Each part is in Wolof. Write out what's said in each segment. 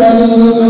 تَنْتَهُونَ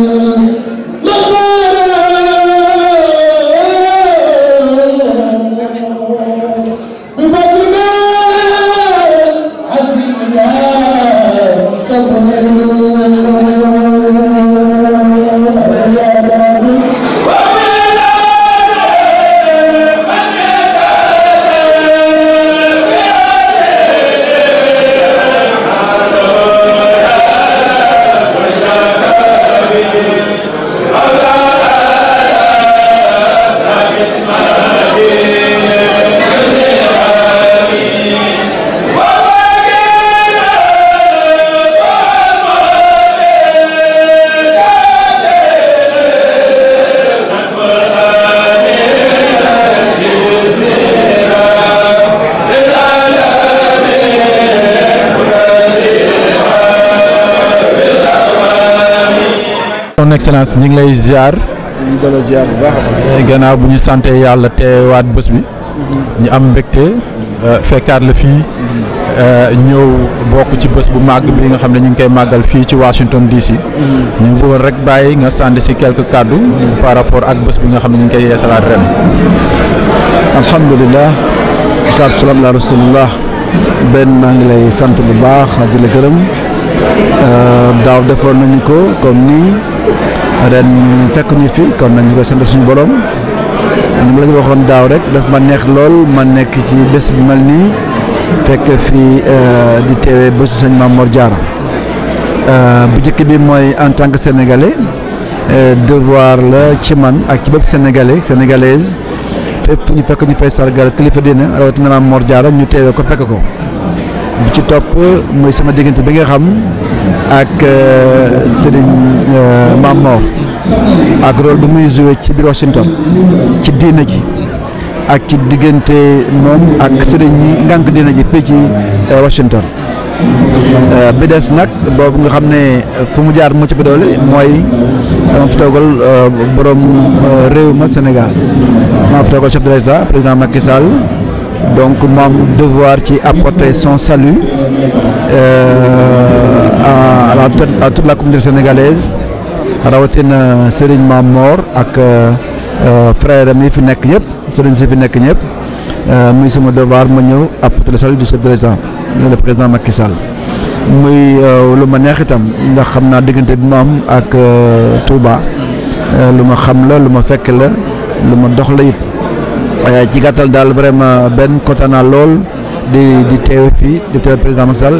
son excellence ñu ngi lay ziar. ñu bu baax eh, gannaaw bu ñu sant yàlla teewaat bës bi. ñu am mbégte. Euh, fekkaat la fii. Mhm. Euh, ñëw bokk ci bés bu màgg bi nga xam ne ñu ngi koy màggal fii ci Washington DC. Mhm. ñu bëggoon rek bàyyi nga sant si quelques kàddu. Mhm. par rapport ak bés bi nga xam ne ñu ngi koy yeesalaat ren. alhamdulilah. salaatu salaam ala benn maa ngi lay sant bu baax di la gërëm. Euh, daaw defoon nañu ko comme nii. ren fekk ñu fi kon nañ ñu koy sant suñu borom ni ma la waxoon daaw rek daf ma neex lool ma nekk ci bés bu mel nii fekk fii euh, di teewee bésu sëñ Mame Mor euh, bu njëkk bi mooy en tant que sénégalais euh, devoir la ci man ak ci bépp sénégalais sénégalaise fépp ñu fekk ñu fay sargal kilifa dina rawatina Mame Mor Diarra ñu teewee ko fekk ko. bi ci topp mooy sama diggante bi nga xam ak euh, Serigne euh, Mame Mor ak rôle bu muy joué ci biir Washington ci diina ji ak ci diggante moom ak Serigne ñi ngànk diina ji fii ci euh, Washington bi des nag boobu nga xam ne fu mu jaar mu ci bi doole mooy dama fi toogal borom réew ma Sénégal maa fi toogal de l'État président Macky donc mon devoir ci apporter son salut euh, à la à toute la communauté sénégalaise rawatina Serigne Mame mort ak euh, euh, frère mi fi nekk yeb Serigne si fi nekk euh muy sama devoir ma ñëw apporter le salut du chef de l'État le président Macky Sall muy euh, luma neex itam ndax xamna naa diggante bi ma am ak Touba euh, ma xam la luma ma fekk la luma ma dox la ci eh, gatal dal vraiment ben kontaan lol di di tew fi di tew président Macky Sall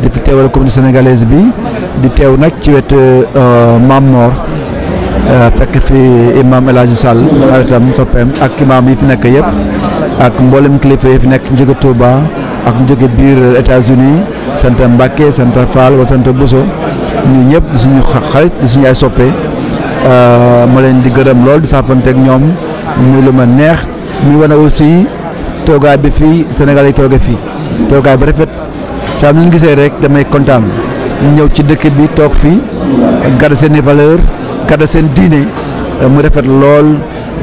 di tewal teewal communauté sénégalaise bi di tew nak ci wette mam mort eh, fekk fi imam El Hadji Sall xaritam soppeem ak imam yi fi nek yeb ak mbollem clip yi fi nek njëge Touba ak njëge bir États-Unis santa Mbacke santa Fall wa santa Bousso ñu ñep di suñu xarit di suñu ay euh ma leen di gërëm lool di ak ñom muy lu ma neex mi wane aussi toogaay bi fii Sénégal yi fi fii toogaay bu rafet saa mu gisee rek damay kontaan ñëw ci dëkk bi toog fii garder seen i valeur garder seen diine mu rafet lool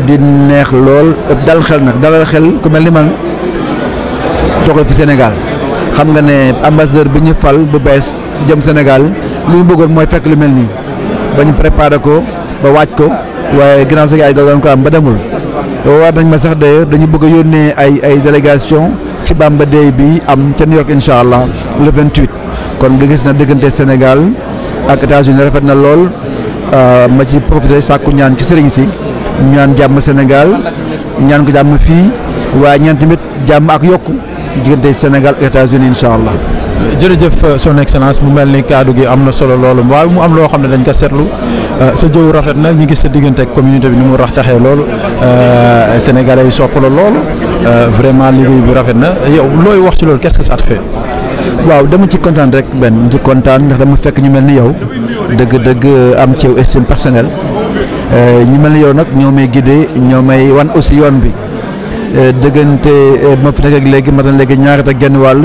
di neex lool dal xel nag dalal xel ku mel ni man toog fi Sénégal xam nga ne ambassadeur bi ñu fal bu bees jëm Sénégal li mu bëggoon mooy fekk lu mel nii ba ñu préparé ko ba waaj ko waaye ginnaaw sa ko am ba demul waa dañ ma sax d'ailleurs dañu bëgg a yónnee ay ay délégation ci ba Day bi am ca New York incha allah le 28 kon nga gis na diggante Sénégal ak États-Unis rafet na lool euh, ma ci profité sàkku ñaan ci sëriñ si ñaan jàmm Sénégal ñaan ko jàmm fii waaye ñaan tamit jàmm ak yokk diggante Sénégal ak États-Unis incha allah jërëjëf euh, son excellence mu mel ni kaddu gi am na solo loolu waaye mu am loo xam ne dañ ko seetlu euh, sa jëw rafet na ñu gis sa diggante ak communauté bi ni mu rax taxee loolu euh, sénégalais yi sopp la loolu vraiment liggéey bi rafet na yow looy wax ci loolu qu'est-ce que waaw dama ci kontaan rek benn ci kontaan ndax dama fekk ñu mel ni yow dëgg-dëgg am ci yow estime personnelle ñu mel ni yow nag ñoo may guidé ñoo may wan aussi yoon bi dëggante ma fi nekk léegi ma léegi ñaar ak genn wàll.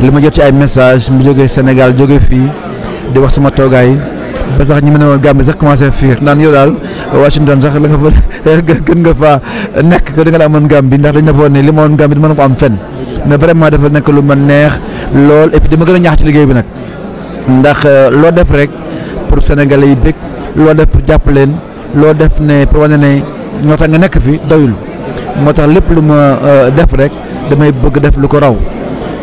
lima jot ci ay message mu joge senegal joge fi di wax sama toogaay ba sax ñi mëna ne woon sax commencé fiir nan yow dal Washington sax la nga fa gën nga fa nek ko da nga la amoon ndax dañ na fo ne li ma woon Gambie dama na ko am fen mais vraiment dafa nek lu ma neex lool et puis dama gëna a ñaax ci liggéey bi nak ndax euh, lo def rek pour Sénégalais yi bëgg loo def pour japp leen lo def ne pour wone ne ñota nga nek fi doyul motax lepp luma euh, def rek damay bëgg def lu ko raw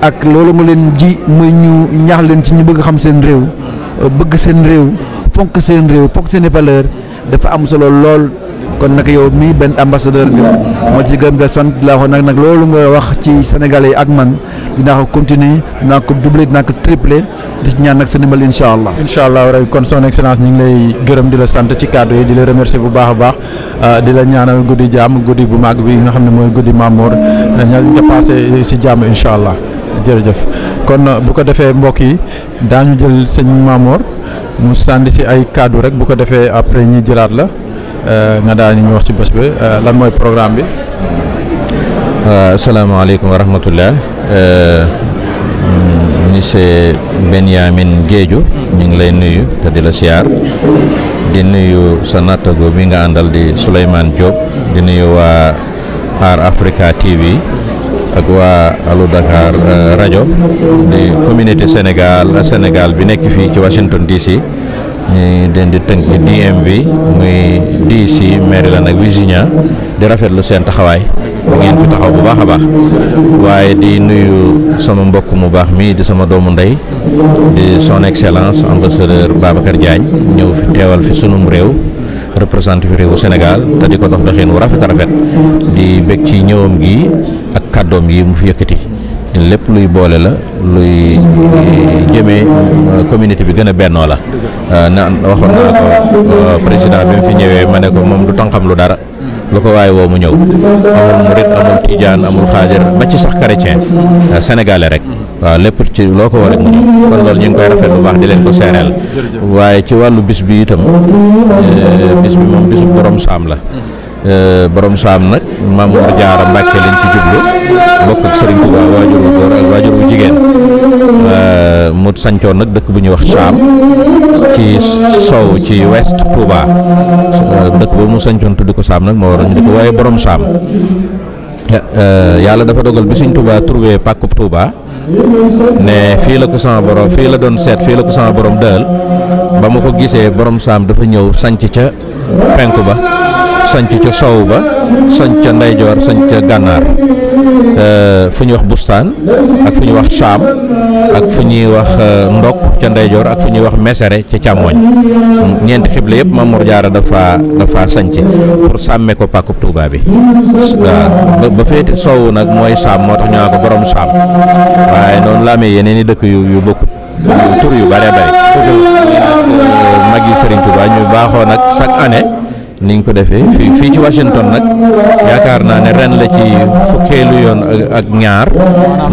ak lolu mo len ji ma ñu ñaax len ci ñu bëgg xam seen réew euh, bëgg seen réew fonk seen réew fonk seen valeur dafa am solo lool kon nak yow mi ben ambassadeur bi mo ci gëm nga sant la ko nak nak lolu nga wax ci sénégalais ak man dina ko continuer dina ko doubler dina ko tripler di ci ñaan nak sa ndimbal inshallah allah. incha kon son excellence ñu ngi lay gëreum di la sant ci cadeau yi di la remercier bu baax baax euh, di la ñaanal goudi jàmm goudi bu mag bi nga xamne moy goudi Mamour ña euh, nga passé ci jàmm inshallah jërëjëf kon uh, bu ko defee mbokk yi daañu jël sëñ Mamor mu sànni si ay kàddu rek bu ko defee après ñi jëlaat la uh, nga daal ñu wax ci bés bi uh, lan mooy programme bi. asalaamaaleykum wa rahmatullah monsieur Benyamin Géeju ñu ngi lay nuyu te di la siyaar di nuyu sa nattago bi nga àndal di Souleymane Diop di nuyu waa Aar Africa TV. ak waa Allo Dakar euh, rajo di communauté Sénégal Sénégal bi nekk fii ci Washington DC ñu leen di tënk bi muy DC Maryland ak Virginia di rafetlu seen taxawaay ngeen fi taxaw bu baax a baax waaye di nuyu sama mbokk mu baax mii di sama doomu ndey di son excellence ambassadeur Babacar jaañ ñëw fi teewal fi sunum réew. représenté fi réewu Sénégal te di ko dox doxin wu rafet di bég ci ñëwam gi ak kàddoom yi mu fi yëkkati lépp luy boole la luy eh, jëmee euh, communauté bi gën a bennoo la euh, na waxoon naa ko euh, président bi mu fi ñëwee ma ne ko moom du tànqam lu dara lu ko waaye woo mu ñëw amul murit amul tijaan amul xaajar ba ci sax chrétien sénégalais rek waaw lépp ci loo ko war a mën kon loolu ñu ngi koy rafet bu baax di leen ko seereel waaye ci wàllu bis bi itam eh, bis bi moom bisu borom saam la eh, borom saam nag Mamour Diarra Mbacke leen ci jublu bokk ak Serigne Touba waajur bu góor ak waajur bu jigéen eh, mu sancoon nag dëkk bu ñuy wax saam ci sow ci west Touba dëkk ba mu sancoon tudd ko saam nag moo waroon ñu di ko waaye borom saam yàlla dafa dogal bi suñ Touba trouvé Touba ne fii la ko sama borom fii la doon seet fii la ko sama borom dël ba ma ko gisee borom saam dafa ñëw sanc ca penk ba sanc ca soow ba sanc ca ndeyjoor sanc ca gànnaar Eh, fuñu wax bustan ak fuñu wax ak fuñu wax eh, ndok ca ak fuñu wax mesere ci chamoy ñent xibla yeb Mamour Jaara dafa dafa sanc pour samé ko pàkkub touba bi ba féete sowu nak moy Sam. motax ñako borom saam waye non la amee yeneen i dëkk yu yu bokk tour yu bare bare magi serigne touba ñu baxo nak chaque année ni niñ ko defee fii fii ci Washington nag yaakaar naa ne ren la ci fukkeelu yoon ak ñaar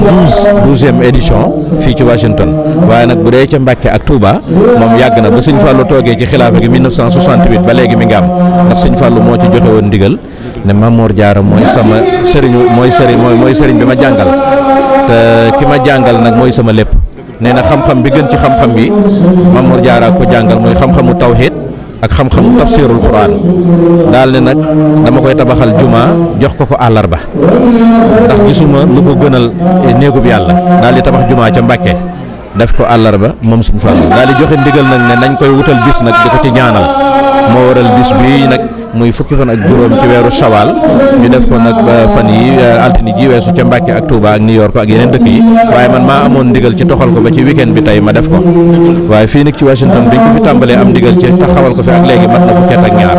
douze douzième édition fii ci Washington waaye nag bu dee ca Mbàkke ak Touba moom yàgg na ba suñ Fallou toogee ci xilaafa gi 1968 ba léegi mi ngi am ndax Sëñ Fallou moo ci joxe woon ndigal ne Mamour Diarra mooy sama sëriñ mooy sëriñ mooy sëriñ bi ma jàngal te ki ma jàngal nag mooy sama lépp nee na xam-xam bi gën ci xam-xam bi Mamour Diarra ko jàngal mooy xam-xamu tawhid ak xam-xamu tafsirul quran daal ne nag dama koy tabaxal jumaa jox ko ko àllarba ndax gisuma lu ko gënal e, néegub yàlla daal di tabax jumaa ca Mbàkke def ko àllarba moom suñu fàllu daal di joxe ndigal nag ne nañ koy wutal bis nag di ko ci ñaanal moo waral bis bii nag muy fukki fan ak juróom ci weeru sawaal ñu def ko nag fan yi eh, altine ji weesu ca Mbàkke ak Touba ak New York ak yeneen dëkk yi waaye man maa amoon ndigal ci toxal ko ba ci weekend bi tey ma def ko waaye fii nag ci Washington bi ñu fi tàmbalee am ndigal ci taxawal ko fi ak léegi mat na fukki ak ñaar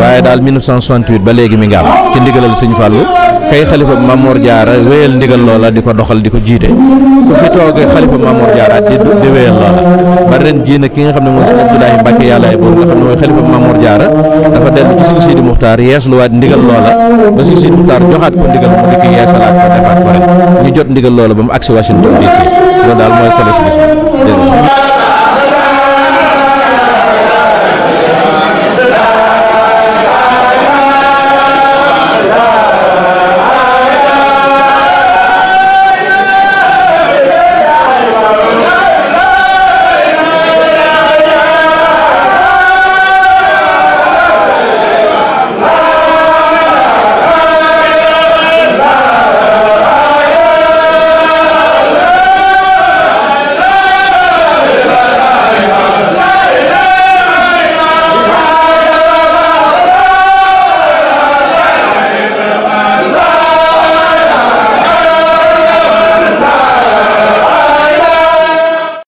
waaye daal 1968 ba léegi mi ngi am ci ndigalal Sëñ Fallou kay xalifa bi Mamour Diarra wéyal ndigal loola di ko doxal di ko jiite su fi toogee xalifa Mamour Diarra di wéyal loola ba ren jii ki nga xam ne mooy sëñ Abdoulaye Mbacke yàllaay boobu nga xam ne mooy xalifa Mamour Diarra dafa dellu ci suñu Sidi Muxtaar yeesluwaat ndigal loola ba suñu Sidi Muxtaar joxaat ko ndigal mu dikk yeesalaat ko defaat ko rek ñu jot ndigal loola ba mu agsi Washington DC loolu daal mooy solo si bis bi